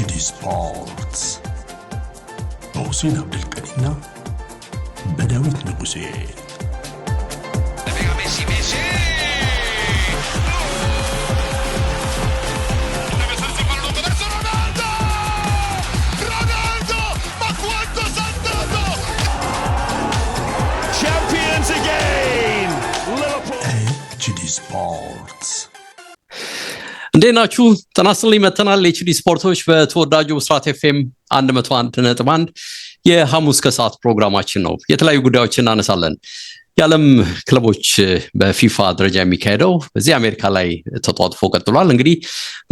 جدي سبورتس محسن عبد الكريم بداوة نقوسين እንዴት ናችሁ? ጠናስልኝ ይመተናል። ኤችዲ ስፖርቶች በተወዳጁ ብስራት ኤፍኤም 1 የሐሙስ ከሰዓት ፕሮግራማችን ነው። የተለያዩ ጉዳዮችን እናነሳለን። የዓለም ክለቦች በፊፋ ደረጃ የሚካሄደው በዚህ አሜሪካ ላይ ተጧጥፎ ቀጥሏል። እንግዲህ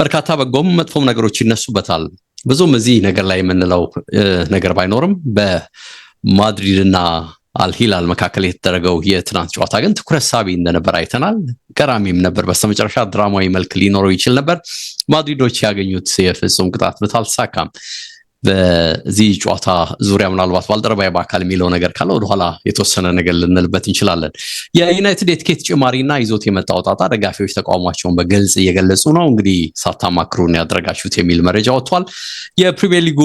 በርካታ በጎም መጥፎም ነገሮች ይነሱበታል። ብዙም እዚህ ነገር ላይ የምንለው ነገር ባይኖርም በማድሪድ እና አልሂላል መካከል የተደረገው የትናንት ጨዋታ ግን ትኩረት ሳቢ እንደነበር አይተናል። ገራሚም ነበር። በስተመጨረሻ ድራማዊ መልክ ሊኖረው ይችል ነበር። ማድሪዶች ያገኙት የፍጹም ቅጣት ምት አልተሳካም። በዚህ ጨዋታ ዙሪያ ምናልባት ባልደረባ በአካል የሚለው ነገር ካለ ወደኋላ የተወሰነ ነገር ልንልበት እንችላለን። የዩናይትድ የትኬት ጭማሪና ይዞት የመጣው ጣጣ ደጋፊዎች ተቃውሟቸውን በግልጽ እየገለጹ ነው። እንግዲህ ሳታማክሩን ያደረጋችሁት የሚል መረጃ ወጥቷል። የፕሪሚየር ሊጉ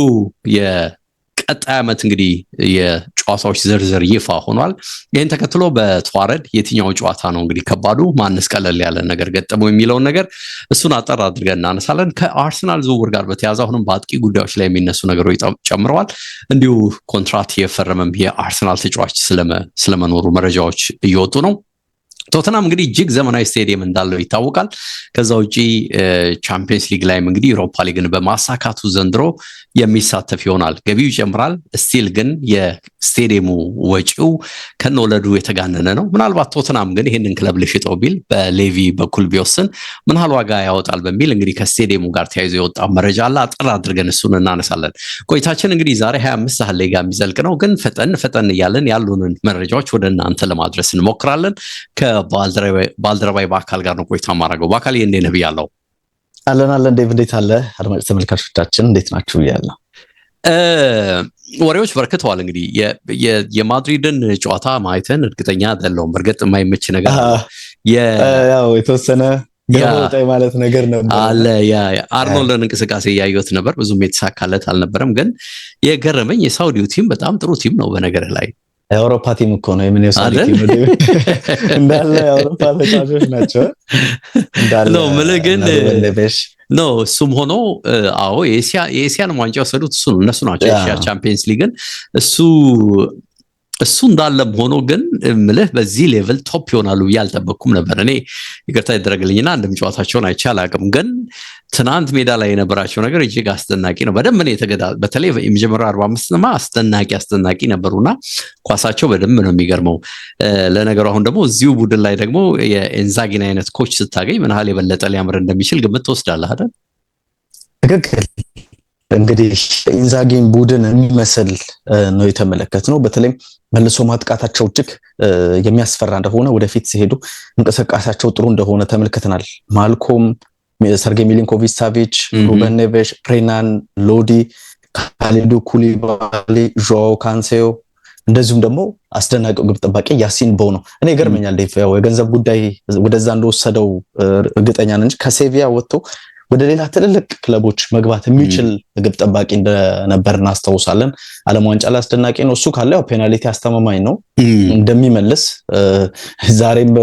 ቀጣይ ዓመት እንግዲህ የጨዋታዎች ዝርዝር ይፋ ሆኗል። ይህን ተከትሎ በተዋረድ የትኛው ጨዋታ ነው እንግዲህ ከባዱ፣ ማንስ ቀለል ያለ ነገር ገጠመው የሚለውን ነገር እሱን አጠር አድርገን እናነሳለን። ከአርሰናል ዝውውር ጋር በተያዘ አሁንም በአጥቂ ጉዳዮች ላይ የሚነሱ ነገሮች ጨምረዋል። እንዲሁ ኮንትራት የፈረመም የአርሰናል ተጫዋች ስለመኖሩ መረጃዎች እየወጡ ነው። ቶተናም እንግዲህ እጅግ ዘመናዊ ስቴዲየም እንዳለው ይታወቃል። ከዛ ውጪ ቻምፒየንስ ሊግ ላይም እንግዲህ ዩሮፓ ሊግን በማሳካቱ ዘንድሮ የሚሳተፍ ይሆናል። ገቢው ይጨምራል። ስቲል ግን የስቴዲየሙ ወጪው ከነወለዱ የተጋነነ ነው። ምናልባት ቶተናም ግን ይህንን ክለብ ልሽጠው ቢል በሌቪ በኩል ቢወስን ምናል ዋጋ ያወጣል በሚል እንግዲህ ከስቴዲየሙ ጋር ተያይዞ የወጣ መረጃ አለ። አጥር አድርገን እሱን እናነሳለን። ቆይታችን እንግዲህ ዛሬ 25 ሳህል ላይ ጋር የሚዘልቅ ነው። ግን ፈጠን ፈጠን እያለን ያሉንን መረጃዎች ወደ እናንተ ለማድረስ እንሞክራለን። ከባልደረባይ በአካል ጋር ነው ቆይታ ማድረገው። በአካል ይህ እንዴት ነህ ብያለሁ። አለን አለን። ዴቭ እንዴት አለ? አድማጭ ተመልካቾቻችን እንዴት ናችሁ ብያለሁ። ወሬዎች በርክተዋል። እንግዲህ የማድሪድን ጨዋታ ማየትን እርግጠኛ አይደለሁም። እርግጥ የማይመች ነገር የተወሰነ ማለት ነገር ነበር አለ። አርኖልድን እንቅስቃሴ እያየሁት ነበር። ብዙም የተሳካለት አልነበረም። ግን የገረመኝ የሳውዲው ቲም በጣም ጥሩ ቲም ነው በነገር ላይ የአውሮፓ ቲም እኮ ነው የምንወስድ እንዳለ የአውሮፓ ተጫዋቾች ናቸው። እንዳለ ግን ኖ እሱም ሆኖ አዎ የኤስያን ዋንጫ ወሰዱት እሱ ነው እነሱ ናቸው የኤስያ ቻምፒየንስ ሊግን እሱ እሱ እንዳለም ሆኖ ግን ምልህ በዚህ ሌቭል ቶፕ ይሆናሉ ብዬ አልጠበቅኩም ነበር። እኔ ይቅርታ ይደረግልኝና አንድም ጨዋታቸውን አይቼ አላውቅም፣ ግን ትናንት ሜዳ ላይ የነበራቸው ነገር እጅግ አስደናቂ ነው። በደንብ ነው የተገዳ በተለይ የመጀመሪያ አርባ አምስትማ አስደናቂ አስደናቂ ነበሩና ኳሳቸው በደንብ ነው የሚገርመው። ለነገሩ አሁን ደግሞ እዚሁ ቡድን ላይ ደግሞ የኤንዛጊን አይነት ኮች ስታገኝ ምንሀል የበለጠ ሊያምር እንደሚችል ግምት ትወስዳለህ አይደል? ትክክል እንግዲህ ኢንዛጌን ቡድን የሚመስል ነው የተመለከት ነው። በተለይም መልሶ ማጥቃታቸው እጅግ የሚያስፈራ እንደሆነ ወደፊት ሲሄዱ እንቅስቃሴያቸው ጥሩ እንደሆነ ተመልክተናል። ማልኮም፣ ሰርጌይ ሚሊንኮቪች ሳቪች፣ ሩበን ኔቬሽ፣ ፕሬናን ሎዲ፣ ካሌዱ ኩሊባሊ፣ ዦዋው ካንሴዮ እንደዚሁም ደግሞ አስደናቂው ግብ ጠባቂ ያሲን ቦ ነው። እኔ ይገርመኛል፣ የገንዘብ ጉዳይ ወደዛ እንደወሰደው እርግጠኛ ነኝ እንጂ ከሴቪያ ወጥቶ ወደ ሌላ ትልልቅ ክለቦች መግባት የሚችል ግብ ጠባቂ እንደነበር እናስታውሳለን። ዓለም ዋንጫ ላይ አስደናቂ ነው። እሱ ካለ ያው ፔናልቲ አስተማማኝ ነው እንደሚመልስ ዛሬም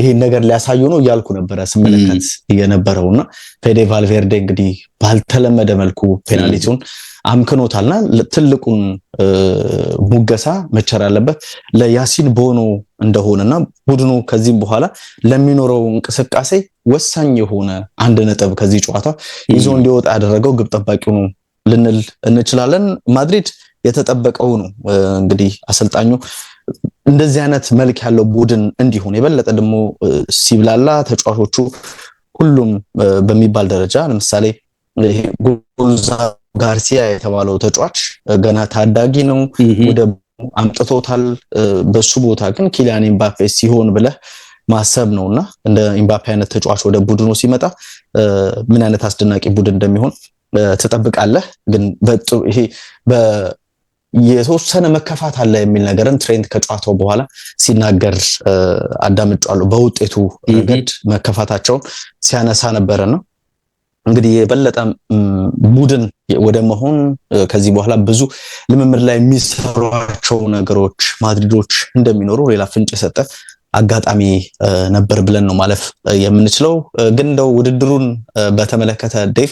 ይሄን ነገር ሊያሳዩ ነው እያልኩ ነበረ ስመለከት የነበረውና ፌዴ ቫልቬርዴ እንግዲህ ባልተለመደ መልኩ ፔናልቲውን አምክኖታልና ትልቁን ሙገሳ መቸር ያለበት ለያሲን ቦኖ እንደሆነና ቡድኑ ከዚህም በኋላ ለሚኖረው እንቅስቃሴ ወሳኝ የሆነ አንድ ነጥብ ከዚህ ጨዋታ ይዞ እንዲወጣ ያደረገው ግብ ጠባቂው ነው ልንል እንችላለን። ማድሪድ የተጠበቀው ነው እንግዲህ አሰልጣኙ እንደዚህ አይነት መልክ ያለው ቡድን እንዲሆን የበለጠ ደግሞ ሲብላላ ተጫዋቾቹ ሁሉም በሚባል ደረጃ ለምሳሌ ጉንዛ ጋርሲያ የተባለው ተጫዋች ገና ታዳጊ ነው ወደ አምጥቶታል። በሱ ቦታ ግን ኪሊያን ኤምባፔ ሲሆን ብለህ ማሰብ ነውና እንደ ኤምባፔ አይነት ተጫዋች ወደ ቡድኑ ሲመጣ ምን አይነት አስደናቂ ቡድን እንደሚሆን ትጠብቃለህ። ግን ይሄ የተወሰነ መከፋት አለ የሚል ነገርን ትሬንት ከጨዋታው በኋላ ሲናገር አዳምጫለሁ። በውጤቱ ረገድ መከፋታቸውን ሲያነሳ ነበረ ነው እንግዲህ የበለጠ ቡድን ወደ መሆን ከዚህ በኋላ ብዙ ልምምድ ላይ የሚሰሯቸው ነገሮች ማድሪዶች እንደሚኖሩ ሌላ ፍንጭ የሰጠ አጋጣሚ ነበር ብለን ነው ማለፍ የምንችለው። ግን እንደው ውድድሩን በተመለከተ ዴቭ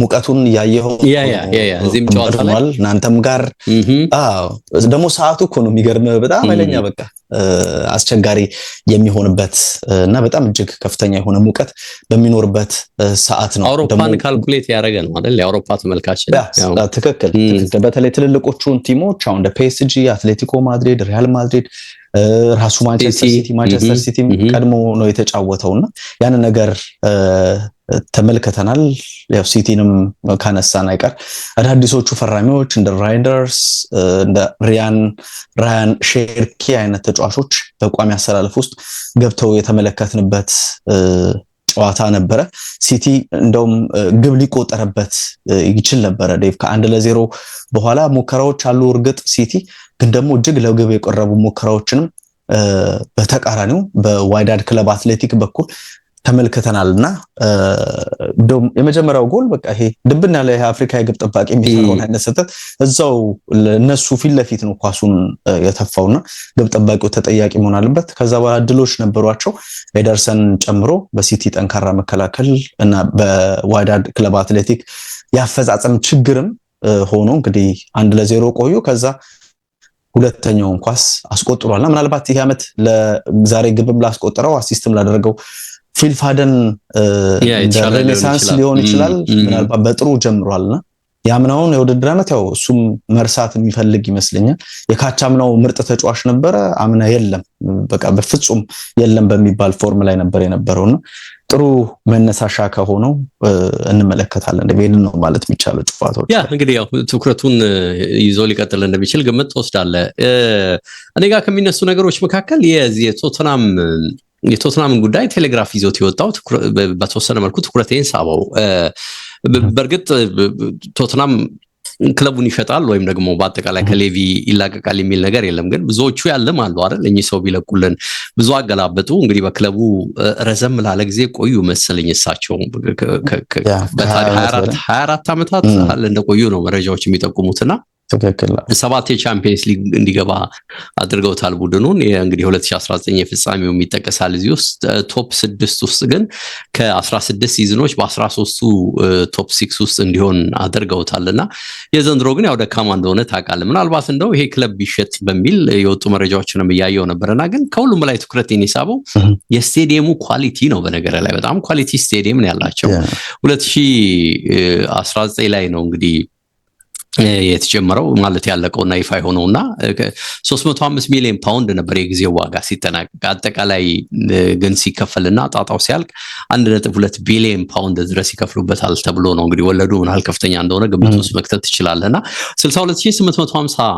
ሙቀቱን ያየኸው እናንተም ጋር ደግሞ ሰዓቱ እኮ ነው የሚገርም በጣም አይለኛ በቃ አስቸጋሪ የሚሆንበት እና በጣም እጅግ ከፍተኛ የሆነ ሙቀት በሚኖርበት ሰዓት ነው። አውሮፓን ካልኩሌት ያደረገ ነው አይደል? የአውሮፓ ተመልካች ትክክል። በተለይ ትልልቆቹን ቲሞች አሁን እንደ ፒኤስጂ፣ አትሌቲኮ ማድሪድ፣ ሪያል ማድሪድ ራሱ ማንቸስተር ሲቲ ማንቸስተር ሲቲ ቀድሞ ነው የተጫወተው እና ያንን ነገር ተመልክተናል። ያው ሲቲንም ካነሳን አይቀር አዳዲሶቹ ፈራሚዎች እንደ ራይደርስ እንደ ሪያን ራያን ሼርኪ አይነት ተጫዋቾች በቋሚ አሰላለፍ ውስጥ ገብተው የተመለከትንበት ጨዋታ ነበረ። ሲቲ እንደውም ግብ ሊቆጠረበት ይችል ነበረ ዴቭ ከአንድ ለዜሮ በኋላ ሙከራዎች አሉ። እርግጥ ሲቲ ግን ደግሞ እጅግ ለግብ የቀረቡ ሙከራዎችንም በተቃራኒው በዋይዳድ ክለብ አትሌቲክ በኩል ተመልክተናልና እንደውም የመጀመሪያው ጎል በቃ ይሄ ድብና ያለ የአፍሪካ የግብ ጠባቂ የሚሰራውን አይነት ስህተት እዛው እነሱ ፊት ለፊት ነው ኳሱን የተፋውና ግብ ጠባቂው ተጠያቂ መሆን አለበት። ከዛ በኋላ እድሎች ነበሯቸው ኤደርሰን ጨምሮ በሲቲ ጠንካራ መከላከል እና በዋዳድ ክለብ አትሌቲክ ያፈጻጸም ችግርም ሆኖ እንግዲህ አንድ ለዜሮ ቆዩ። ከዛ ሁለተኛውን ኳስ አስቆጥሯልና ምናልባት ይህ ዓመት ለዛሬ ግብም ላስቆጠረው አሲስትም ላደረገው ፊል ፊልፋደን ሬኔሳንስ ሊሆን ይችላል። ምናልባት በጥሩ ጀምሯል ጀምሯልና የአምናውን የውድድር ዓመት ያው እሱም መርሳት የሚፈልግ ይመስለኛል። የካቻ አምናው ምርጥ ተጫዋች ነበረ፣ አምና የለም፣ በቃ በፍጹም የለም በሚባል ፎርም ላይ ነበር የነበረው የነበረውና ጥሩ መነሳሻ ከሆነው እንመለከታለን። ቤድ ነው ማለት የሚቻለው ጨዋታዎች ያ እንግዲህ ያው ትኩረቱን ይዞ ሊቀጥል እንደሚችል ግምት ትወስዳለህ። እኔ ጋር ከሚነሱ ነገሮች መካከል የዚህ የቶተናም የቶትናምን ጉዳይ ቴሌግራፍ ይዞት የወጣው በተወሰነ መልኩ ትኩረቴን ሳበው። በእርግጥ ቶትናም ክለቡን ይሸጣል ወይም ደግሞ በአጠቃላይ ከሌቪ ይላቀቃል የሚል ነገር የለም። ግን ብዙዎቹ ያለም አሉ አይደል? እኚህ ሰው ቢለቁልን ብዙ አገላበጡ። እንግዲህ በክለቡ ረዘም ላለ ጊዜ ቆዩ መሰለኝ እሳቸው በታ 24 አራት እንደቆዩ ነው መረጃዎች የሚጠቁሙትና ትክክል ሰባት የቻምፒየንስ ሊግ እንዲገባ አድርገውታል ቡድኑን። እንግዲህ 2019 የፍጻሜው የሚጠቀሳል እዚህ ውስጥ ቶፕ ስድስት ውስጥ ግን ከ16 ሲዝኖች በ13ቱ ቶፕ ሲክስ ውስጥ እንዲሆን አድርገውታል እና የዘንድሮ ግን ያው ደካማ እንደሆነ ታውቃለህ። ምናልባት እንደው ይሄ ክለብ ቢሸጥ በሚል የወጡ መረጃዎችንም እያየው ነበር እና ግን ከሁሉም በላይ ትኩረት የሚሳበው የስቴዲየሙ ኳሊቲ ነው። በነገር ላይ በጣም ኳሊቲ ስቴዲየም ነው ያላቸው 2019 ላይ ነው እንግዲህ የተጀመረው ማለት ያለቀውና ይፋ እና 35 ሚሊዮን ፓውንድ ነበር የጊዜው ዋጋ ሲጠናቀቅ አጠቃላይ ግን ሲከፈልና ጣጣው ሲያልቅ 1.2 ቢሊዮን ፓውንድ ድረስ ይከፍሉበታል ተብሎ ነው። እንግዲህ ወለዱ ምናል ከፍተኛ እንደሆነ ግምት ውስጥ መክተት ትችላለህና 62850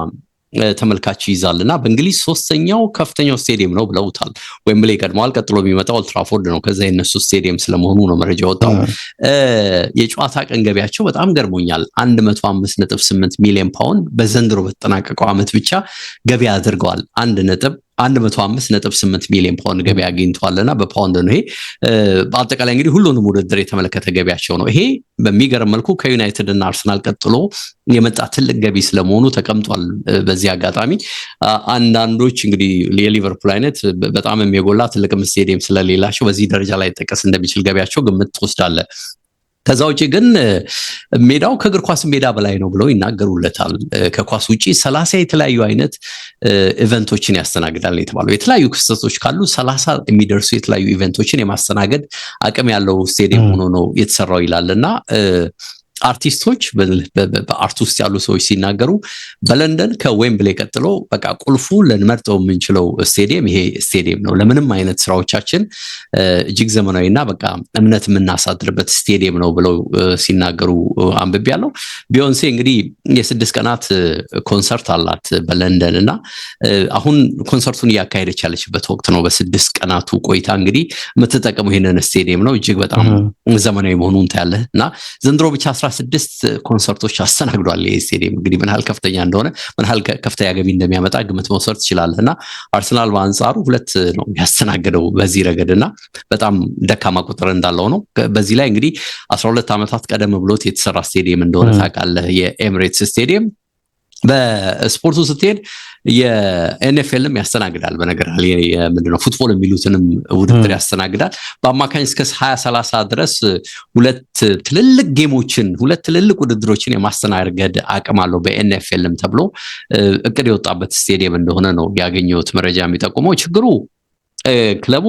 ተመልካች ይይዛል እና በእንግሊዝ ሶስተኛው ከፍተኛው ስቴዲየም ነው ብለውታል። ዌምብሌ ቀድመዋል። ቀጥሎ የሚመጣው ኦልትራፎርድ ነው። ከዛ የነሱ ስቴዲየም ስለመሆኑ ነው መረጃ ወጣው። የጨዋታ ቀን ገቢያቸው በጣም ገርሞኛል። 158 ሚሊዮን ፓውንድ በዘንድሮ በተጠናቀቀው አመት ብቻ ገቢ አድርገዋል። አንድ ነጥብ 158 ሚሊዮን ፓውንድ ገበያ አግኝቷልና በፓውንድ ነው። ይሄ በአጠቃላይ እንግዲህ ሁሉንም ውድድር የተመለከተ ገቢያቸው ነው። ይሄ በሚገርም መልኩ ከዩናይትድ እና አርሰናል ቀጥሎ የመጣ ትልቅ ገቢ ስለመሆኑ ተቀምጧል። በዚህ አጋጣሚ አንዳንዶች እንግዲህ የሊቨርፑል አይነት በጣም የሚጎላ ትልቅም ስቴዲየም ስለሌላቸው በዚህ ደረጃ ላይ ጠቀስ እንደሚችል ገቢያቸው ግምት ትወስዳለ። ከዛ ውጭ ግን ሜዳው ከእግር ኳስ ሜዳ በላይ ነው ብለው ይናገሩለታል። ከኳስ ውጭ ሰላሳ የተለያዩ አይነት ኢቨንቶችን ያስተናግዳል የተባለው የተለያዩ ክስተቶች ካሉ ሰላሳ የሚደርሱ የተለያዩ ኢቨንቶችን የማስተናገድ አቅም ያለው ስቴዲየም ሆኖ ነው የተሰራው ይላል እና አርቲስቶች በአርት ውስጥ ያሉ ሰዎች ሲናገሩ በለንደን ከዌምብሌ ቀጥሎ በቃ ቁልፉ ልንመርጠው የምንችለው ስቴዲየም ይሄ ስቴዲየም ነው። ለምንም አይነት ስራዎቻችን እጅግ ዘመናዊና በቃ እምነት የምናሳድርበት ስቴዲየም ነው ብለው ሲናገሩ ያለው። ቢዮንሴ እንግዲህ የስድስት ቀናት ኮንሰርት አላት በለንደን እና አሁን ኮንሰርቱን እያካሄደች ያለችበት ወቅት ነው። በስድስት ቀናቱ ቆይታ እንግዲህ የምትጠቀሙ ይህንን ስቴዲየም ነው። እጅግ በጣም ዘመናዊ መሆኑን ታያለህ እና ዘንድሮ ብቻ ስድስት ኮንሰርቶች አስተናግዷል። ይህ ስቴዲየም እንግዲህ ምን ያህል ከፍተኛ እንደሆነ ምን ያህል ከፍተኛ ገቢ እንደሚያመጣ ግምት መውሰድ ትችላለህ። እና አርሰናል በአንጻሩ ሁለት ነው ያስተናገደው በዚህ ረገድ እና በጣም ደካማ ቁጥር እንዳለው ነው። በዚህ ላይ እንግዲህ ሁለት ዓመታት ቀደም ብሎት የተሰራ ስቴዲየም እንደሆነ ታውቃለህ የኤምሬትስ ስቴዲየም በስፖርቱ ስትሄድ የኤንኤፍኤልም ያስተናግዳል። በነገር ምንድነው ፉትቦል የሚሉትንም ውድድር ያስተናግዳል። በአማካኝ እስከ ሀያ ሰላሳ ድረስ ሁለት ትልልቅ ጌሞችን ሁለት ትልልቅ ውድድሮችን የማስተናገድ አቅም አለው በኤንኤፍኤልም ተብሎ እቅድ የወጣበት ስቴዲየም እንደሆነ ነው ያገኘት መረጃ የሚጠቁመው። ችግሩ ክለቡ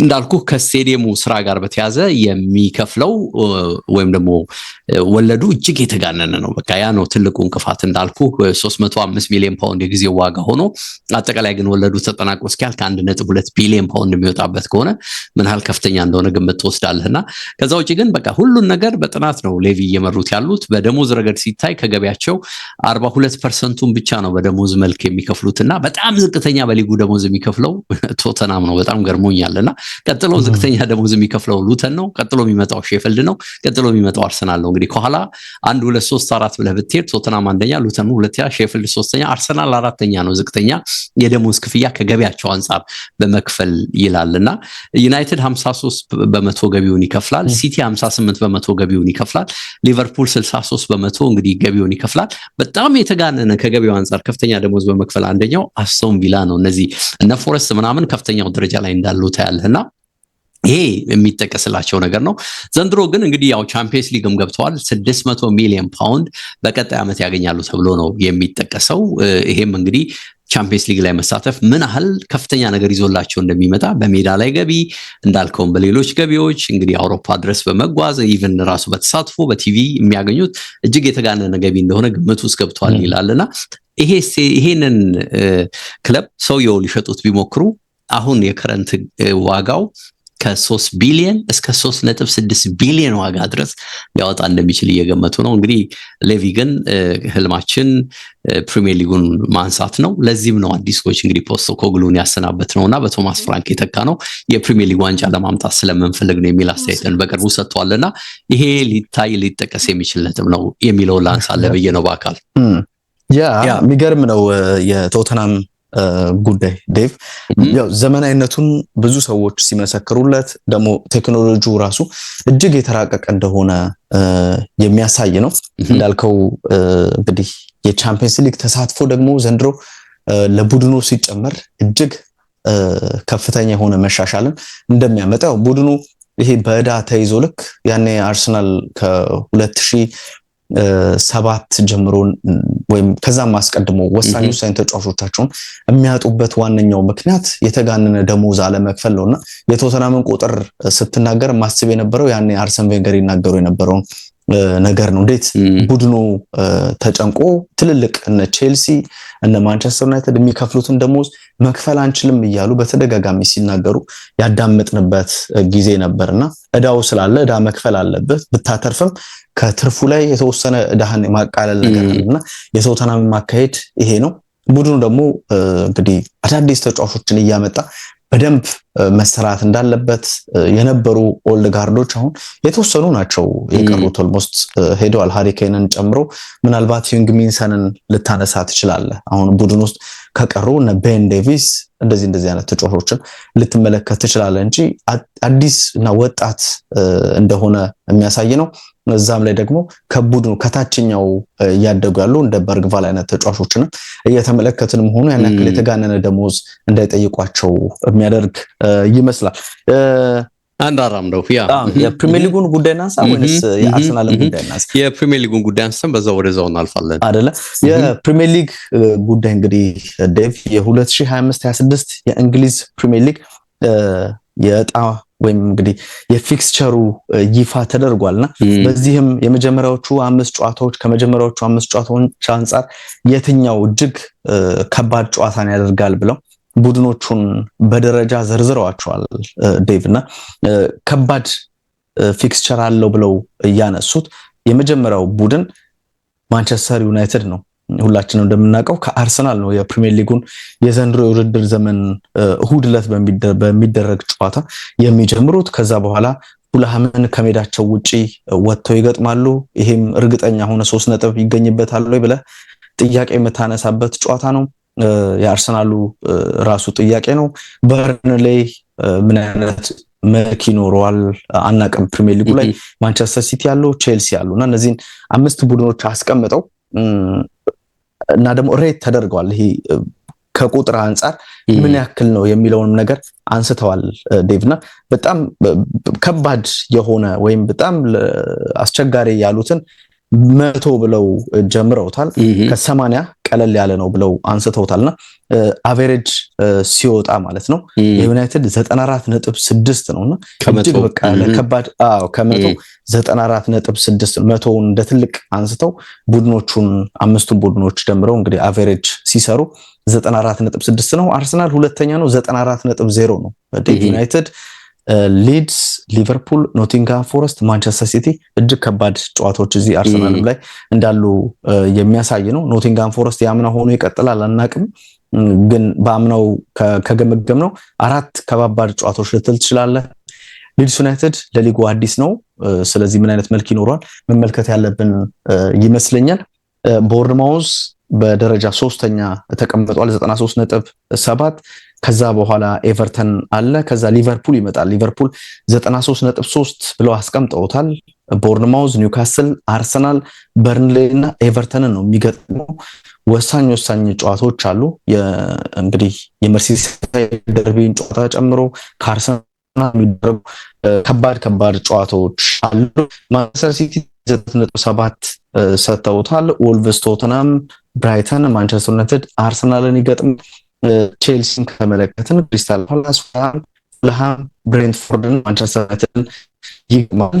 እንዳልኩ ከስቴዲየሙ ስራ ጋር በተያዘ የሚከፍለው ወይም ደግሞ ወለዱ እጅግ የተጋነነ ነው። በቃ ያ ነው ትልቁ እንቅፋት። እንዳልኩ 35 ሚሊዮን ፓውንድ የጊዜ ዋጋ ሆኖ አጠቃላይ ግን ወለዱ ተጠናቆ እስኪያል ከ ሁለት ቢሊዮን ፓውንድ የሚወጣበት ከሆነ ምን ያህል ከፍተኛ እንደሆነ ግምት እና ከዛ ውጭ ግን በቃ ሁሉን ነገር በጥናት ነው ሌቪ እየመሩት ያሉት። በደሞዝ ረገድ ሲታይ ከገቢያቸው 42 ፐርሰንቱን ብቻ ነው በደሞዝ መልክ እና በጣም ዝቅተኛ በሊጉ ደሞዝ የሚከፍለው ቶተናም ነው። በጣም ገርሞኛልና ቀጥሎ ዝቅተኛ ደሞዝ የሚከፍለው ሉተን ነው። ቀጥሎ የሚመጣው ሼፈልድ ነው። ቀጥሎ የሚመጣው አርሰናል ነው። እንግዲህ ከኋላ አንድ ሁለት ሶስት አራት ብለህ ብትሄድ ቶተናም አንደኛ፣ ሉተን ሁለተኛ፣ ሼፈልድ ሶስተኛ፣ አርሰናል አራተኛ ነው። ዝቅተኛ የደሞዝ ክፍያ ከገቢያቸው አንጻር በመክፈል ይላል እና ዩናይትድ 53 በመቶ ገቢውን ይከፍላል። ሲቲ 58 በመቶ ገቢውን ይከፍላል። ሊቨርፑል 63 በመቶ እንግዲህ ገቢውን ይከፍላል። በጣም የተጋነነ ከገቢው አንጻር ከፍተኛ ደሞዝ በመክፈል አንደኛው አስቶን ቪላ ነው። እነዚህ እነ ፎረስት ምናምን ከፍተኛው ደረጃ ላይ እንዳሉ ታያለህና ይሄ የሚጠቀስላቸው ነገር ነው። ዘንድሮ ግን እንግዲህ ያው ቻምፒየንስ ሊግም ገብተዋል። 600 ሚሊዮን ፓውንድ በቀጣይ ዓመት ያገኛሉ ተብሎ ነው የሚጠቀሰው። ይሄም እንግዲህ ቻምፒየንስ ሊግ ላይ መሳተፍ ምን ያህል ከፍተኛ ነገር ይዞላቸው እንደሚመጣ በሜዳ ላይ ገቢ እንዳልከውም በሌሎች ገቢዎች እንግዲህ አውሮፓ ድረስ በመጓዝ ኢቨን ራሱ በተሳትፎ በቲቪ የሚያገኙት እጅግ የተጋነነ ገቢ እንደሆነ ግምት ውስጥ ገብቷል ይላልና ይሄንን ክለብ ሰውየው ሊሸጡት ቢሞክሩ አሁን የከረንት ዋጋው ከ3 ቢሊዮን እስከ 3.6 ቢሊየን ዋጋ ድረስ ሊያወጣ እንደሚችል እየገመቱ ነው። እንግዲህ ሌቪ ግን ህልማችን ፕሪሚየር ሊጉን ማንሳት ነው። ለዚህም ነው አዲስ ኮች እንግዲህ ፖስቶ ኮግሉን ያሰናበት ነው እና በቶማስ ፍራንክ የተካ ነው የፕሪሚየር ሊግ ዋንጫ ለማምጣት ስለምንፈልግ ነው የሚል አስተያየትን በቅርቡ እና ይሄ ሊታይ ሊጠቀስ የሚችል ነው የሚለውን ላንሳለ ብዬ ነው በአካል ያ የሚገርም ነው የቶተናም ጉዳይ ዴቭ ያው ዘመናዊነቱን ብዙ ሰዎች ሲመሰክሩለት ደግሞ ቴክኖሎጂው ራሱ እጅግ የተራቀቀ እንደሆነ የሚያሳይ ነው። እንዳልከው እንግዲህ የቻምፒየንስ ሊግ ተሳትፎ ደግሞ ዘንድሮ ለቡድኑ ሲጨመር እጅግ ከፍተኛ የሆነ መሻሻልን እንደሚያመጣው ቡድኑ ይሄ በእዳ ተይዞ ልክ ያኔ አርሰናል ከሁለት ሺህ ሰባት ጀምሮ ወይም ከዛም አስቀድሞ ወሳኝ ወሳኝ ተጫዋቾቻቸውን የሚያጡበት ዋነኛው ምክንያት የተጋነነ ደሞዝ አለመክፈል ነው እና የቶተናምን ቁጥር ስትናገር ማስብ የነበረው ያኔ አርሰን ቬንገር ይናገሩ የነበረውን ነገር ነው። እንዴት ቡድኑ ተጨንቆ ትልልቅ እነ ቼልሲ እነ ማንቸስተር ዩናይትድ የሚከፍሉትን ደሞዝ መክፈል አንችልም እያሉ በተደጋጋሚ ሲናገሩ ያዳምጥንበት ጊዜ ነበር እና እዳው ስላለ እዳ መክፈል አለበት። ብታተርፍም ከትርፉ ላይ የተወሰነ እዳህን ማቃለል ነገር እና ማካሄድ ይሄ ነው። ቡድኑ ደግሞ እንግዲህ አዳዲስ ተጫዋቾችን እያመጣ በደንብ መሰራት እንዳለበት የነበሩ ኦልድ ጋርዶች አሁን የተወሰኑ ናቸው የቀሩት። ኦልሞስት ሄደዋል፣ ሀሪኬንን ጨምሮ ምናልባት ዩንግ ሚንሰንን ልታነሳ ትችላለህ። አሁን ቡድን ውስጥ ከቀሩ እነ ቤን ዴቪስ እንደዚህ እንደዚህ አይነት ተጫዋቾችን ልትመለከት ትችላለህ እንጂ አዲስ እና ወጣት እንደሆነ የሚያሳይ ነው። እዛም ላይ ደግሞ ከቡድኑ ከታችኛው እያደጉ ያሉ እንደ በርግቫል አይነት ተጫዋቾችንም እየተመለከትን መሆኑ ያን ያክል የተጋነነ ደሞዝ እንዳይጠይቋቸው የሚያደርግ ይመስላል። አንድ አራም ነው ያ የፕሪሚየር ሊጉን ጉዳይ እናንሳ ወይስ የአርሰናል ጉዳይ እናንሳ? የፕሪሚየር ሊጉን ጉዳይ አንስተን በዛው ወደዛው እናልፋለን አይደለ? የፕሪሚየር ሊግ ጉዳይ እንግዲህ ዴቭ የ2025 26 የእንግሊዝ ፕሪሚየር ሊግ የዕጣ ወይም እንግዲህ የፊክስቸሩ ይፋ ተደርጓልና በዚህም የመጀመሪያዎቹ አምስት ጨዋታዎች ከመጀመሪያዎቹ አምስት ጨዋታዎች አንጻር የትኛው እጅግ ከባድ ጨዋታን ያደርጋል ብለው ቡድኖቹን በደረጃ ዘርዝረዋቸዋል። ዴቭ እና ከባድ ፊክስቸር አለው ብለው እያነሱት የመጀመሪያው ቡድን ማንቸስተር ዩናይትድ ነው። ሁላችንም እንደምናውቀው ከአርሰናል ነው የፕሪሚየር ሊጉን የዘንድሮ የውድድር ዘመን እሁድ ዕለት በሚደረግ ጨዋታ የሚጀምሩት። ከዛ በኋላ ፉልሃምን ከሜዳቸው ውጪ ወጥተው ይገጥማሉ። ይሄም እርግጠኛ ሆነ ሶስት ነጥብ ይገኝበታል ወይ ብለህ ጥያቄ የምታነሳበት ጨዋታ ነው። የአርሰናሉ ራሱ ጥያቄ ነው። ላይ ምን አይነት መልክ ይኖረዋል አናቅም። ፕሪሚየር ሊጉ ላይ ማንቸስተር ሲቲ ያሉ፣ ቼልሲ ያሉ እና እነዚህን አምስት ቡድኖች አስቀምጠው እና ደግሞ ሬት ተደርገዋል። ይሄ ከቁጥር አንጻር ምን ያክል ነው የሚለውንም ነገር አንስተዋል ዴቭና በጣም ከባድ የሆነ ወይም በጣም አስቸጋሪ ያሉትን መቶ ብለው ጀምረውታል። ከሰማንያ ቀለል ያለ ነው ብለው አንስተውታልና አቬሬጅ ሲወጣ ማለት ነው የዩናይትድ 94 ነጥብ ስድስት ነው እና እጅግ በቃ ለከባድ ከመቶ 94 ነጥብ ስድስት መቶውን እንደ ትልቅ አንስተው ቡድኖቹን አምስቱ ቡድኖች ደምረው እንግዲህ አቨሬጅ ሲሰሩ 94 ነጥብ ስድስት ነው። አርሰናል ሁለተኛ ነው 94 ነጥብ ዜሮ ነው። ዩናይትድ፣ ሊድስ፣ ሊቨርፑል፣ ኖቲንግሃም ፎረስት፣ ማንቸስተር ሲቲ እጅግ ከባድ ጨዋታዎች እዚህ አርሰናልም ላይ እንዳሉ የሚያሳይ ነው። ኖቲንግሃም ፎረስት ያምና ሆኖ ይቀጥላል አናቅም ግን በአምነው ከገመገም ነው አራት ከባባድ ጨዋታዎች ልትል ትችላለህ። ሊድስ ዩናይትድ ለሊጉ አዲስ ነው። ስለዚህ ምን አይነት መልክ ይኖረዋል መመልከት ያለብን ይመስለኛል። ቦርንማውዝ በደረጃ ሶስተኛ ተቀምጧል፣ 93 ነጥብ ሰባት ከዛ በኋላ ኤቨርተን አለ። ከዛ ሊቨርፑል ይመጣል። ሊቨርፑል 93 ነጥብ ሶስት ብለው አስቀምጠውታል። ቦርንማውዝ፣ ኒውካስል፣ አርሰናል፣ በርንሌይ እና ኤቨርተንን ነው የሚገጥሙ። ወሳኝ ወሳኝ ጨዋታዎች አሉ። እንግዲህ የመርሲሳይድ ደርቢን ጨዋታ ጨምሮ ከአርሰናል የሚደረጉ ከባድ ከባድ ጨዋታዎች አሉ። ማንቸስተር ሲቲ ዘጠኝ ነጥብ ሰባት ሰጥተውታል። ወልቭስ፣ ቶተናም፣ ብራይተን፣ ማንቸስተር ዩናይትድ አርሰናልን ይገጥሙ። ቼልሲን ከመለከትን ክሪስታል ፓላስ፣ ፍልሃም፣ ብሬንትፎርድን ማንቸስተር ዩናይትድን ይገጥማል።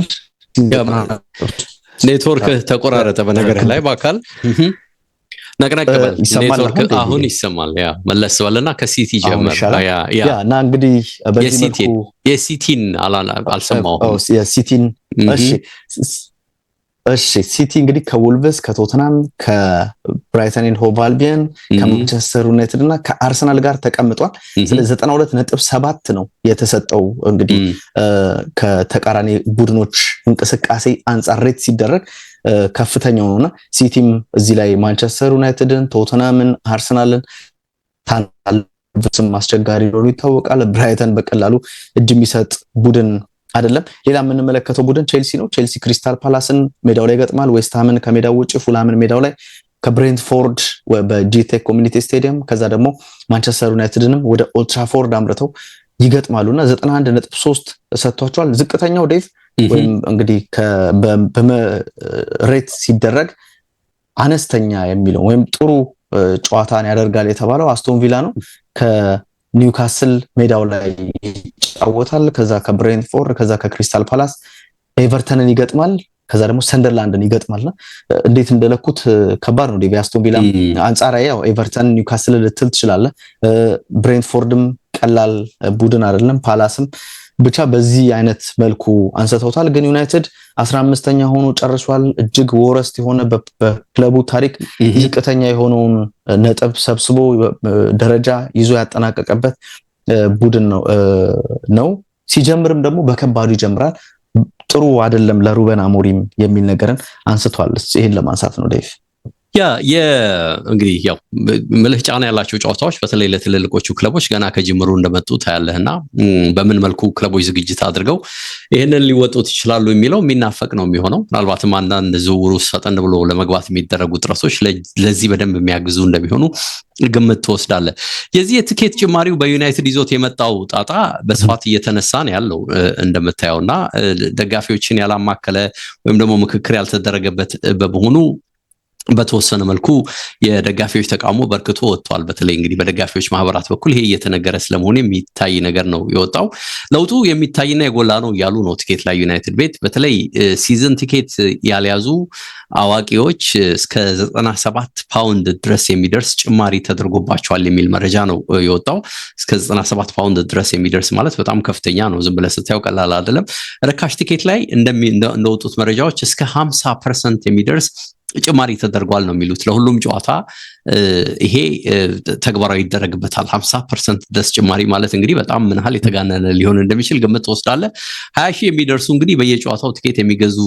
ኔትወርክ ተቆራረጠ። በነገር ላይ በአካል ነቅነቅበልኔትወርክ አሁን ይሰማል። ያ መለስ በልና ከሲቲ ጀመር እንግዲህ የሲቲን አልሰማሁም። ሲቲን እሺ እሺ ሲቲ እንግዲህ ከወልቨስ ከቶትናም ከብራይተን ኤንድ ሆቭ ከማንቸስተር ዩናይትድ እና ከአርሰናል ጋር ተቀምጧል። ስለ ዘጠና ሁለት ነጥብ ሰባት ነው የተሰጠው። እንግዲህ ከተቃራኒ ቡድኖች እንቅስቃሴ አንጻር ሬት ሲደረግ ከፍተኛው ነውና ሲቲም እዚህ ላይ ማንቸስተር ዩናይትድን፣ ቶትናምን፣ አርሰናልን ታናል ስም አስቸጋሪ ሊሆኑ ይታወቃል። ብራይተን በቀላሉ እጅ የሚሰጥ ቡድን አይደለም። ሌላ የምንመለከተው ቡድን ቼልሲ ነው። ቼልሲ ክሪስታል ፓላስን ሜዳው ላይ ይገጥማል። ዌስትሃምን ከሜዳው ውጭ፣ ፉላምን ሜዳው ላይ ከብሬንትፎርድ በጂቴክ ኮሚኒቲ ስቴዲየም ከዛ ደግሞ ማንቸስተር ዩናይትድንም ወደ ኦልትራፎርድ አምርተው ይገጥማሉ እና አንድ ነጥብ ሶስት ሰጥቷቸዋል። ዝቅተኛው ዴቭ ወይም እንግዲህ በሬት ሲደረግ አነስተኛ የሚለው ወይም ጥሩ ጨዋታን ያደርጋል የተባለው አስቶን ቪላ ነው። ኒውካስል ሜዳው ላይ ይጫወታል። ከዛ ከብሬንፎርድ ከዛ ከክሪስታል ፓላስ ኤቨርተንን ይገጥማል። ከዛ ደግሞ ሰንደርላንድን ይገጥማልና እንዴት እንደለኩት ከባድ ነው። አስቶን ቪላ አንጻራዊ ያው ኤቨርተን ኒውካስል ልትል ትችላለ። ብሬንፎርድም ቀላል ቡድን አይደለም። ፓላስም ብቻ በዚህ አይነት መልኩ አንስተውታል። ግን ዩናይትድ አስራ አምስተኛ ሆኖ ጨርሷል። እጅግ ወረስት የሆነ በክለቡ ታሪክ ዝቅተኛ የሆነውን ነጥብ ሰብስቦ ደረጃ ይዞ ያጠናቀቀበት ቡድን ነው። ሲጀምርም ደግሞ በከባዱ ይጀምራል። ጥሩ አይደለም ለሩበን አሞሪም የሚል ነገርን አንስቷል። ይህን ለማንሳት ነው ዴቭ ያ የእንግዲህ ያው ምልህ ጫና ያላቸው ጨዋታዎች በተለይ ለትልልቆቹ ክለቦች ገና ከጅምሩ እንደመጡ ታያለህና በምን መልኩ ክለቦች ዝግጅት አድርገው ይህንን ሊወጡት ይችላሉ የሚለው የሚናፈቅ ነው የሚሆነው። ምናልባትም አንዳንድ ውስጥ ሰጠን ብሎ ለመግባት የሚደረጉ ጥረቶች ለዚህ በደንብ የሚያግዙ እንደሚሆኑ ግምት ትወስዳለህ። የዚህ የትኬት ጭማሪው በዩናይትድ ይዞት የመጣው ጣጣ በስፋት እየተነሳ ነው ያለው እንደምታየውእና ደጋፊዎችን ያላማከለ ወይም ደግሞ ምክክር ያልተደረገበት በመሆኑ በተወሰነ መልኩ የደጋፊዎች ተቃውሞ በርክቶ ወጥቷል። በተለይ እንግዲህ በደጋፊዎች ማህበራት በኩል ይሄ እየተነገረ ስለመሆኑ የሚታይ ነገር ነው የወጣው። ለውጡ የሚታይና የጎላ ነው እያሉ ነው ቲኬት ላይ ዩናይትድ ቤት በተለይ ሲዝን ቲኬት ያልያዙ አዋቂዎች እስከ 97 ፓውንድ ድረስ የሚደርስ ጭማሪ ተደርጎባቸዋል የሚል መረጃ ነው የወጣው። እስከ 97 ፓውንድ ድረስ የሚደርስ ማለት በጣም ከፍተኛ ነው። ዝም ብለህ ስታየው ቀላል አይደለም። ርካሽ ቲኬት ላይ እንደወጡት መረጃዎች እስከ 50 ፐርሰንት የሚደርስ ጭማሪ ተደርጓል ነው የሚሉት ለሁሉም ጨዋታ ይሄ ተግባራዊ ይደረግበታል። ሀምሳ ፐርሰንት ደስ ጭማሪ ማለት እንግዲህ በጣም ምን ያህል የተጋነነ ሊሆን እንደሚችል ግምት ትወስዳለ። ሀያ ሺህ የሚደርሱ እንግዲህ በየጨዋታው ትኬት የሚገዙ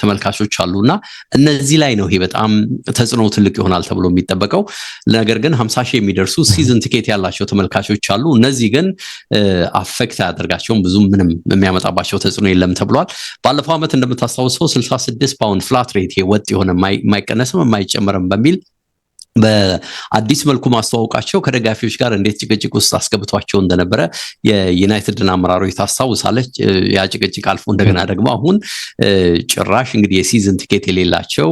ተመልካቾች አሉ እና እነዚህ ላይ ነው ይሄ በጣም ተጽዕኖ ትልቅ ይሆናል ተብሎ የሚጠበቀው ነገር ግን ሀምሳ ሺህ የሚደርሱ ሲዝን ትኬት ያላቸው ተመልካቾች አሉ። እነዚህ ግን አፌክት አያደርጋቸውም ብዙም ምንም የሚያመጣባቸው ተጽዕኖ የለም ተብሏል። ባለፈው ዓመት እንደምታስታውሰው ስልሳ ስድስት ፓውንድ ፍላት ሬት ወጥ የሆነ የማይቀነስም የማይጨምርም በሚል በአዲስ መልኩ ማስተዋወቃቸው ከደጋፊዎች ጋር እንዴት ጭቅጭቅ ውስጥ አስገብቷቸው እንደነበረ የዩናይትድን አመራሮች ታስታውሳለች። ያ ጭቅጭቅ አልፎ እንደገና ደግሞ አሁን ጭራሽ እንግዲህ የሲዝን ቲኬት የሌላቸው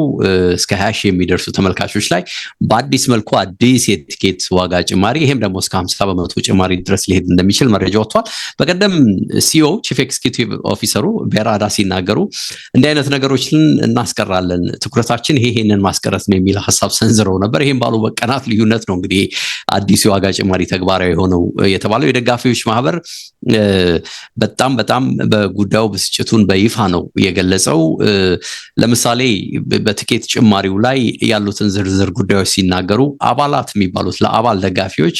እስከ ሀያ ሺህ የሚደርሱ ተመልካቾች ላይ በአዲስ መልኩ አዲስ የቲኬት ዋጋ ጭማሪ፣ ይሄም ደግሞ እስከ ሀምሳ በመቶ ጭማሪ ድረስ ሊሄድ እንደሚችል መረጃ ወጥቷል። በቀደም ሲዮ ቺፍ ኤክስኪቲቭ ኦፊሰሩ ቤራዳ ሲናገሩ እንዲህ አይነት ነገሮችን እናስቀራለን፣ ትኩረታችን ይሄንን ማስቀረት ነው የሚል ሀሳብ ሰንዝረው ነበር። በተለይም ባሉ በቀናት ልዩነት ነው እንግዲህ አዲስ የዋጋ ጭማሪ ተግባራዊ የሆነው የተባለው። የደጋፊዎች ማህበር በጣም በጣም በጉዳዩ ብስጭቱን በይፋ ነው የገለጸው። ለምሳሌ በትኬት ጭማሪው ላይ ያሉትን ዝርዝር ጉዳዮች ሲናገሩ አባላት የሚባሉት ለአባል ደጋፊዎች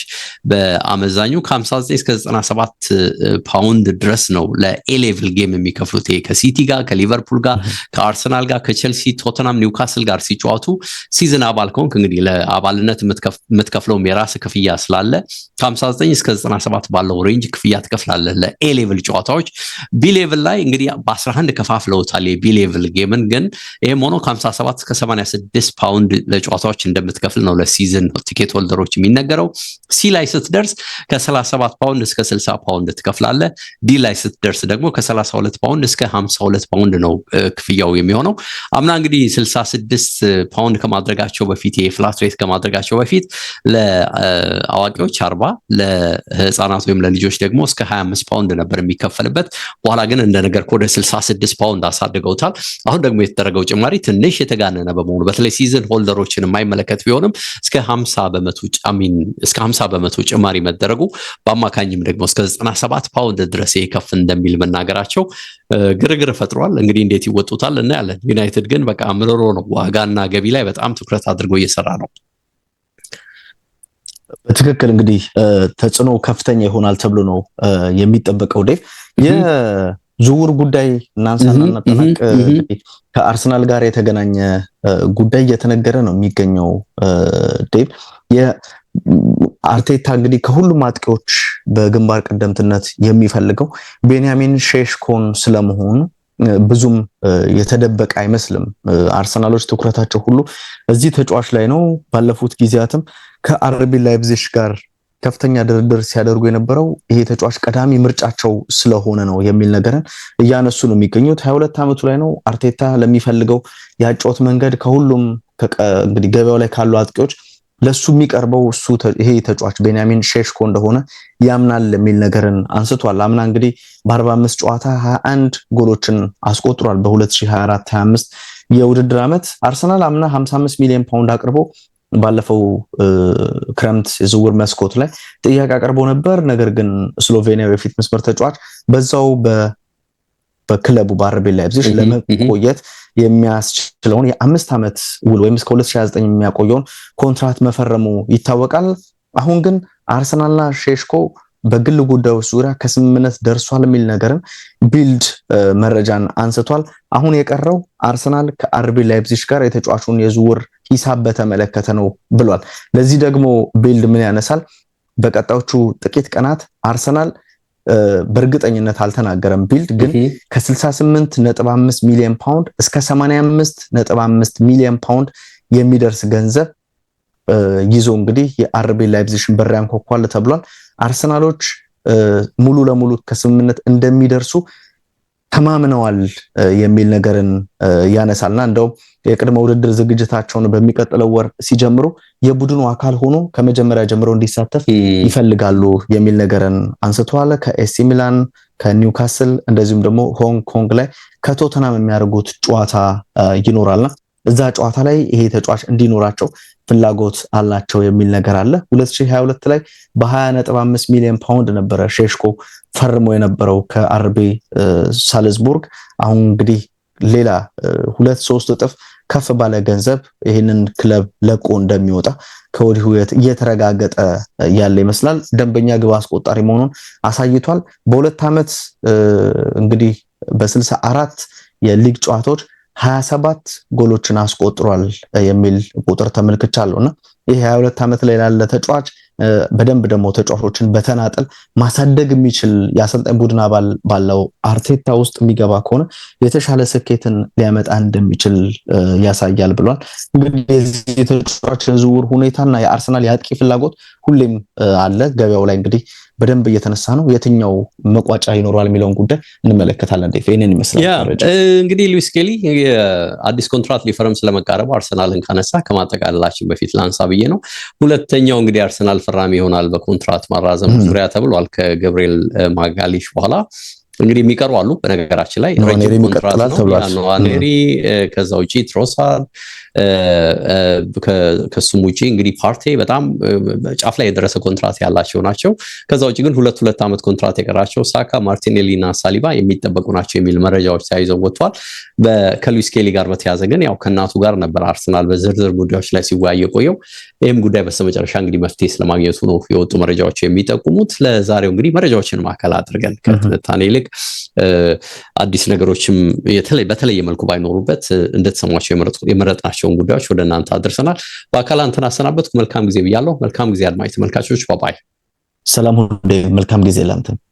በአመዛኙ ከ59 እስከ 97 ፓውንድ ድረስ ነው ለኤሌቭል ጌም የሚከፍሉት ከሲቲ ጋር ከሊቨርፑል ጋር ከአርሰናል ጋር ከቸልሲ ቶተናም፣ ኒውካስል ጋር ሲጫወቱ ሲዝን አባል ከሆንክ እንግዲህ አባልነት የምትከፍለውም የራስ ክፍያ ስላለ ከ59 እስከ 97 ባለው ሬንጅ ክፍያ ለኤ ለኤሌቭል ጨዋታዎች። ቢሌቭል ላይ እንግዲህ በ11 ከፋፍለውታል የቢሌቭል ጌምን። ግን ይህም ሆኖ ከ57 እስከ 86 ፓውንድ ለጨዋታዎች እንደምትከፍል ነው ለሲዝን ቲኬት ሆልደሮች የሚነገረው። ሲ ላይ ስትደርስ ከ37 ፓውንድ እስከ 60 ፓውንድ ትከፍላለ ዲ ላይ ስትደርስ ደግሞ ከ32 ፓውንድ እስከ 52 ፓውንድ ነው ክፍያው የሚሆነው። አምና እንግዲህ 66 ፓውንድ ከማድረጋቸው በፊት የፍላት ሴሌብሬት ከማድረጋቸው በፊት ለአዋቂዎች አርባ ለህፃናት ወይም ለልጆች ደግሞ እስከ 25 ፓውንድ ነበር የሚከፈልበት። በኋላ ግን እንደነገርኩህ ወደ 66 ፓውንድ አሳድገውታል። አሁን ደግሞ የተደረገው ጭማሪ ትንሽ የተጋነነ በመሆኑ በተለይ ሲዝን ሆልደሮችን የማይመለከት ቢሆንም እስከ 50 በመቶ እስከ 50 በመቶ ጭማሪ መደረጉ በአማካኝም ደግሞ እስከ 97 ፓውንድ ድረስ ከፍ እንደሚል መናገራቸው ግርግር ፈጥሯል። እንግዲህ እንዴት ይወጡታል እናያለን። ዩናይትድ ግን በቃ ምርሮ ነው ዋጋና ገቢ ላይ በጣም ትኩረት አድርጎ እየሰራ ነው። በትክክል እንግዲህ ተጽዕኖ ከፍተኛ ይሆናል ተብሎ ነው የሚጠበቀው። ዴቭ የዝውውር ጉዳይ እናንሳና እናጠናቅ። ከአርሰናል ጋር የተገናኘ ጉዳይ እየተነገረ ነው የሚገኘው። ዴቭ የአርቴታ እንግዲህ ከሁሉም አጥቂዎች በግንባር ቀደምትነት የሚፈልገው ቤንያሚን ሼሽኮን ስለመሆኑ ብዙም የተደበቀ አይመስልም። አርሰናሎች ትኩረታቸው ሁሉ እዚህ ተጫዋች ላይ ነው። ባለፉት ጊዜያትም ከአርቢ ላይፕዚግ ጋር ከፍተኛ ድርድር ሲያደርጉ የነበረው ይሄ ተጫዋች ቀዳሚ ምርጫቸው ስለሆነ ነው የሚል ነገርን እያነሱ ነው የሚገኙት። ሀያ ሁለት ዓመቱ ላይ ነው። አርቴታ ለሚፈልገው የአጫወት መንገድ ከሁሉም እንግዲህ ገበያው ላይ ካሉ አጥቂዎች ለሱ የሚቀርበው እሱ ይሄ ተጫዋች ቤንያሚን ሼሽኮ እንደሆነ ያምናል የሚል ነገርን አንስቷል። አምና እንግዲህ በአርባ አምስት ጨዋታ 21 ጎሎችን አስቆጥሯል በ2024/25 የውድድር ዓመት። አርሰናል አምና 55 ሚሊዮን ፓውንድ አቅርቦ ባለፈው ክረምት የዝውውር መስኮት ላይ ጥያቄ አቅርቦ ነበር። ነገር ግን ስሎቬኒያ የፊት መስመር ተጫዋች በዛው በክለቡ በአርቤ ላይፕዚግ ለመቆየት የሚያስችለውን የአምስት ዓመት ውል ወይም እስከ 2029 የሚያቆየውን ኮንትራት መፈረሙ ይታወቃል። አሁን ግን አርሰናልና ሼሽኮ በግል ጉዳዮች ዙሪያ ከስምምነት ደርሷል የሚል ነገርም ቢልድ መረጃን አንስቷል። አሁን የቀረው አርሰናል ከአርቢ ላይፕዚሽ ጋር የተጫዋቹን የዝውውር ሂሳብ በተመለከተ ነው ብሏል። ለዚህ ደግሞ ቢልድ ምን ያነሳል? በቀጣዮቹ ጥቂት ቀናት አርሰናል በእርግጠኝነት አልተናገረም። ቢልድ ግን ከ68.5 ሚሊዮን ፓውንድ እስከ 85.5 ሚሊዮን ፓውንድ የሚደርስ ገንዘብ ይዞ እንግዲህ የአርቤ ላይፕዚሽን በሪያን ተብሏል። አርሰናሎች ሙሉ ለሙሉ ከስምምነት እንደሚደርሱ ተማምነዋል የሚል ነገርን ያነሳልና እንደውም የቅድመ ውድድር ዝግጅታቸውን በሚቀጥለው ወር ሲጀምሩ የቡድኑ አካል ሆኖ ከመጀመሪያ ጀምሮ እንዲሳተፍ ይፈልጋሉ የሚል ነገርን አንስተዋል። ከኤሲ ሚላን፣ ከኒውካስል እንደዚሁም ደግሞ ሆንግ ኮንግ ላይ ከቶተናም የሚያደርጉት ጨዋታ ይኖራልና እዛ ጨዋታ ላይ ይሄ ተጫዋች እንዲኖራቸው ፍላጎት አላቸው የሚል ነገር አለ። 2022 ላይ በ20.5 ሚሊዮን ፓውንድ ነበረ ሼሽኮ ፈርሞ የነበረው ከአርቤ ሳልዝቡርግ። አሁን እንግዲህ ሌላ ሁለት ሶስት እጥፍ ከፍ ባለ ገንዘብ ይህንን ክለብ ለቆ እንደሚወጣ ከወዲሁ እየተረጋገጠ ያለ ይመስላል። ደንበኛ ግብ አስቆጣሪ መሆኑን አሳይቷል። በሁለት ዓመት እንግዲህ በ64 የሊግ ጨዋታዎች 27 ጎሎችን አስቆጥሯል የሚል ቁጥር ተመልክቻለሁ እና ይህ 22 ዓመት ላይ ላለ ተጫዋች በደንብ ደግሞ ተጫዋቾችን በተናጠል ማሳደግ የሚችል የአሰልጣኝ ቡድን አባል ባለው አርቴታ ውስጥ የሚገባ ከሆነ የተሻለ ስኬትን ሊያመጣ እንደሚችል ያሳያል ብሏል። እንግዲህ የዚህ ተጫዋች ዝውውር ሁኔታና የአርሰናል የአጥቂ ፍላጎት ሁሌም አለ። ገበያው ላይ እንግዲህ በደንብ እየተነሳ ነው። የትኛው መቋጫ ይኖረዋል የሚለውን ጉዳይ እንመለከታለን። ይህንን ይመስላል እንግዲህ ሉዊስ ስኬሊ አዲስ ኮንትራት ሊፈርም ስለመቃረቡ አርሰናልን ካነሳ ከማጠቃለላችን በፊት ላንሳ ብዬ ነው። ሁለተኛው እንግዲህ አርሰናል ፈራሚ ይሆናል በኮንትራት ማራዘም ዙሪያ ተብሏል። ከገብርኤል ማጋሊሽ በኋላ እንግዲህ የሚቀሩ አሉ። በነገራችን ላይ ሬጅም ኮንትራት ነው ከዛ ውጭ ትሮሳል ከሱም ውጪ እንግዲህ ፓርቴ በጣም ጫፍ ላይ የደረሰ ኮንትራት ያላቸው ናቸው። ከዛ ውጭ ግን ሁለት ሁለት ዓመት ኮንትራት የቀራቸው ሳካ፣ ማርቲኔሊ እና ሳሊባ የሚጠበቁ ናቸው የሚል መረጃዎች ተያይዘው ወጥቷል። ከሉዊስ ኬሊ ጋር በተያዘ ግን ያው ከእናቱ ጋር ነበር አርሰናል በዝርዝር ጉዳዮች ላይ ሲወያይ የቆየው። ይህም ጉዳይ በስተመጨረሻ እንግዲህ መፍትሄ ስለማግኘቱ ነው የወጡ መረጃዎች የሚጠቁሙት። ለዛሬው እንግዲህ መረጃዎችን ማዕከል አድርገን ከትንታኔ ይልቅ አዲስ ነገሮችም በተለየ መልኩ ባይኖሩበት እንደተሰሟቸው የመረጥናቸውን ጉዳዮች ወደ እናንተ አድርሰናል። በአካል አንተን አሰናበትኩ። መልካም ጊዜ ብያለሁ። መልካም ጊዜ አድማጭ ተመልካቾች፣ ባባይ። ሰላም ሁ መልካም ጊዜ ላንተም።